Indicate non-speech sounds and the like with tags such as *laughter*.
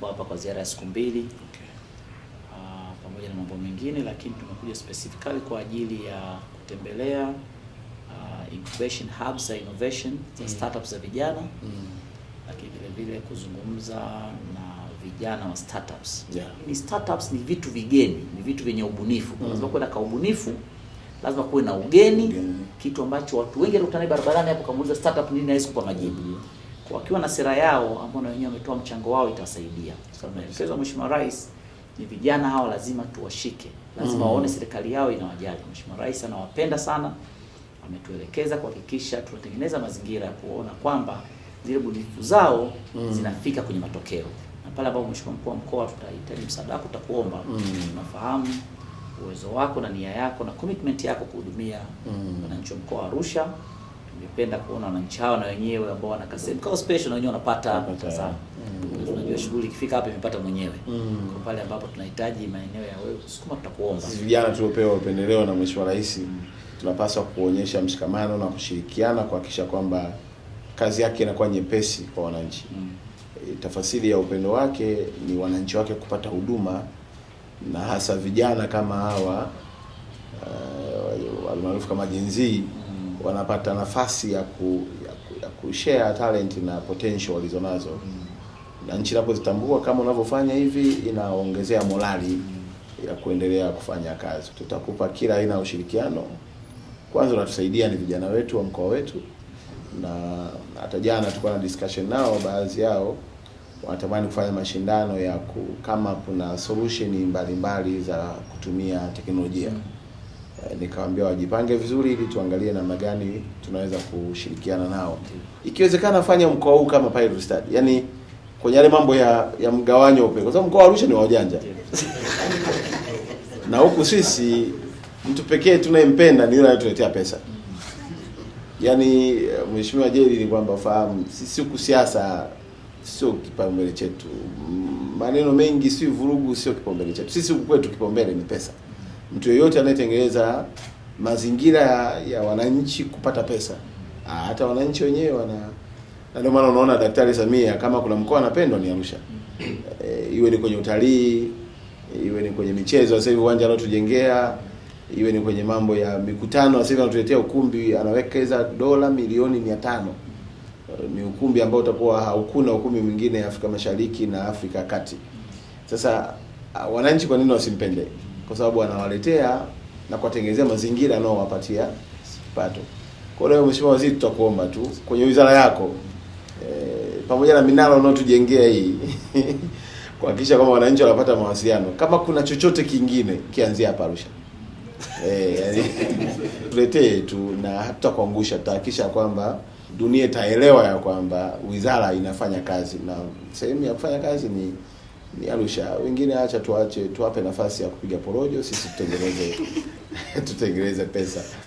Tulikuwa hapa kwa ziara ya siku mbili okay. Uh, pamoja na mambo mengine, lakini tumekuja specifically kwa ajili ya kutembelea uh, incubation hubs za innovation za mm. startups za vijana mm. lakini vile vile kuzungumza na vijana wa startups. Yeah. Ni startups ni vitu vigeni, ni vitu vyenye ubunifu. Mm. Lazima kuwe kaubunifu, lazima kuwe na ugeni, ugeni, kitu ambacho watu wengi walikutana barabarani hapo kamuuliza startup nini na kwa majibu. Mm wakiwa na sera yao ambao na wenyewe wametoa mchango wao itawasaidia. Maelekezo ya Mheshimiwa Rais ni vijana hawa lazima tuwashike, lazima mm waone serikali yao inawajali. Mheshimiwa Rais anawapenda sana, ametuelekeza kuhakikisha tunatengeneza mazingira ya kuona kwamba zile bunifu zao mm zinafika kwenye matokeo, na pale ambapo Mheshimiwa mkuu wa mkoa tutahitaji msaada wako, tutakuomba mm uwezo wako na nia yako na commitment yako kuhudumia mm. wananchi mm wa mkoa wa Arusha ningependa kuona wananchi hawa na wenyewe ambao wana kaseti kwa special na wenyewe wanapata sana. Mm. Mm. Unajua shughuli ikifika hapa imepata mwenyewe. Mm. Kwa pale ambapo tunahitaji maeneo ya wewe sukuma tutakuomba. Sisi vijana tuliopewa upendeleo na Mheshimiwa Rais mm. tunapaswa kuonyesha mshikamano na kushirikiana kuhakikisha kwamba kazi yake inakuwa nyepesi kwa wananchi. Mm. E, tafasiri ya upendo wake ni wananchi wake kupata huduma na hasa vijana kama hawa uh, almaarufu kama jenzii mm wanapata nafasi ya ku ya kushare talent na potential walizonazo mm. na nchi inapozitambua kama unavyofanya hivi, inaongezea morali mm. ya kuendelea kufanya kazi. Tutakupa kila aina ya ushirikiano. Kwanza unatusaidia ni vijana wetu wa mkoa wetu, na hata jana tulikuwa na discussion nao, baadhi yao wanatamani kufanya mashindano ya ku, kama kuna solution mbalimbali mbali za kutumia teknolojia mm. Eh, nikawaambia wajipange vizuri ili tuangalie namna gani tunaweza kushirikiana nao, ikiwezekana fanya mkoa huu kama pilot study, yaani kwenye yale mambo ya ya mgawanyo upe, kwa sababu mkoa wa Arusha ni wajanja na huku sisi mtu pekee tunayempenda ni yule anayetuletea pesa. yaani mheshimiwa jeri ni kwamba fahamu sisi huku siasa sio kipaumbele chetu, maneno mengi si vurugu, sio kipaumbele chetu sisi. Huku kwetu kipaumbele ni pesa mtu yeyote anayetengeneza mazingira ya wananchi kupata pesa, ah, hata wananchi wenyewe wana na ndio maana unaona Daktari Samia kama kuna mkoa anapendwa ni Arusha. E, iwe ni kwenye utalii, iwe ni kwenye michezo, sasa hivi uwanja anaotujengea, iwe ni kwenye mambo ya mikutano, sasa hivi anatuletea ukumbi, anawekeza dola milioni mia tano eh, ni ukumbi ambao utakuwa haukuna ukumbi mwingine Afrika Mashariki na Afrika Kati. Sasa ah, wananchi, kwa nini wasimpende? kwa sababu anawaletea na kuwatengenezea mazingira anaowapatia kipato. Kwa hiyo Mheshimiwa Waziri, tutakuomba tu kwenye wizara yako e, pamoja na minara unaotujengea hii *laughs* kuhakikisha kwamba wananchi wanapata mawasiliano. Kama kuna chochote kingine kianzia hapa Arusha *laughs* e, *laughs* tuletee tu na hatutakuangusha, tutahakikisha kwamba dunia itaelewa ya kwamba wizara inafanya kazi na sehemu ya kufanya kazi ni ni Arusha. Wengine acha tuache, tuwape nafasi ya kupiga porojo, sisi tutengeneze *laughs* tutengeneze pesa.